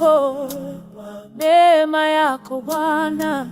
yako, neema yako Bwana.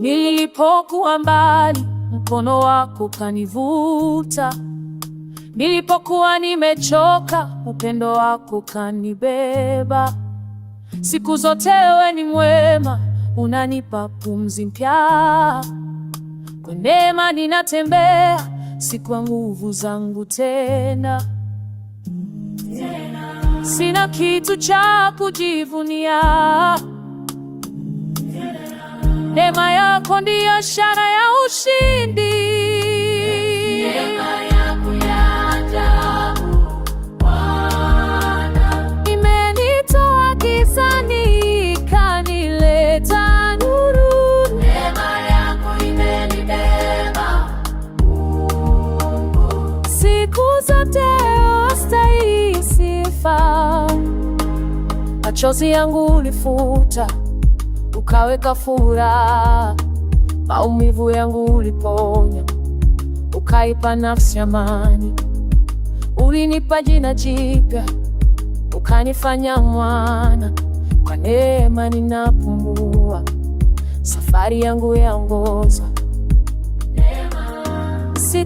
Nilipokuwa mbali, mkono wako kanivuta. Nilipokuwa nimechoka, upendo wako kanibeba. Siku zote wewe ni mwema unanipa pumzi mpya, kwa neema ninatembea, si kwa nguvu zangu tena. Sina kitu cha kujivunia, neema yako ndiyo ishara ya ushindi. zote wastahili sifa. Machozi yangu ulifuta, ukaweka furaha. Maumivu yangu uliponya, ukaipa nafsi amani. Ulinipa jina jipya, ukanifanya mwana. Kwa neema ninapumua, safari yangu yaongozwa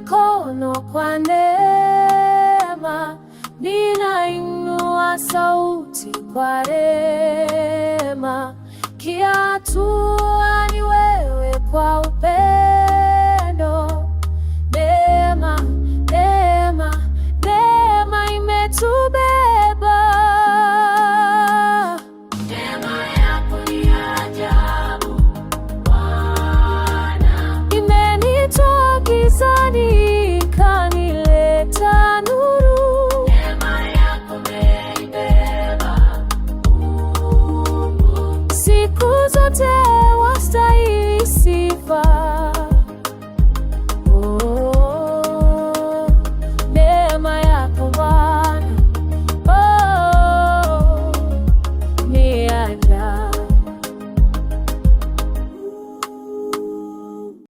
mikono kwa neema, ninainua sauti kwa rema kiatu Sani kanileta nuru, neema yako umeibeba siku zote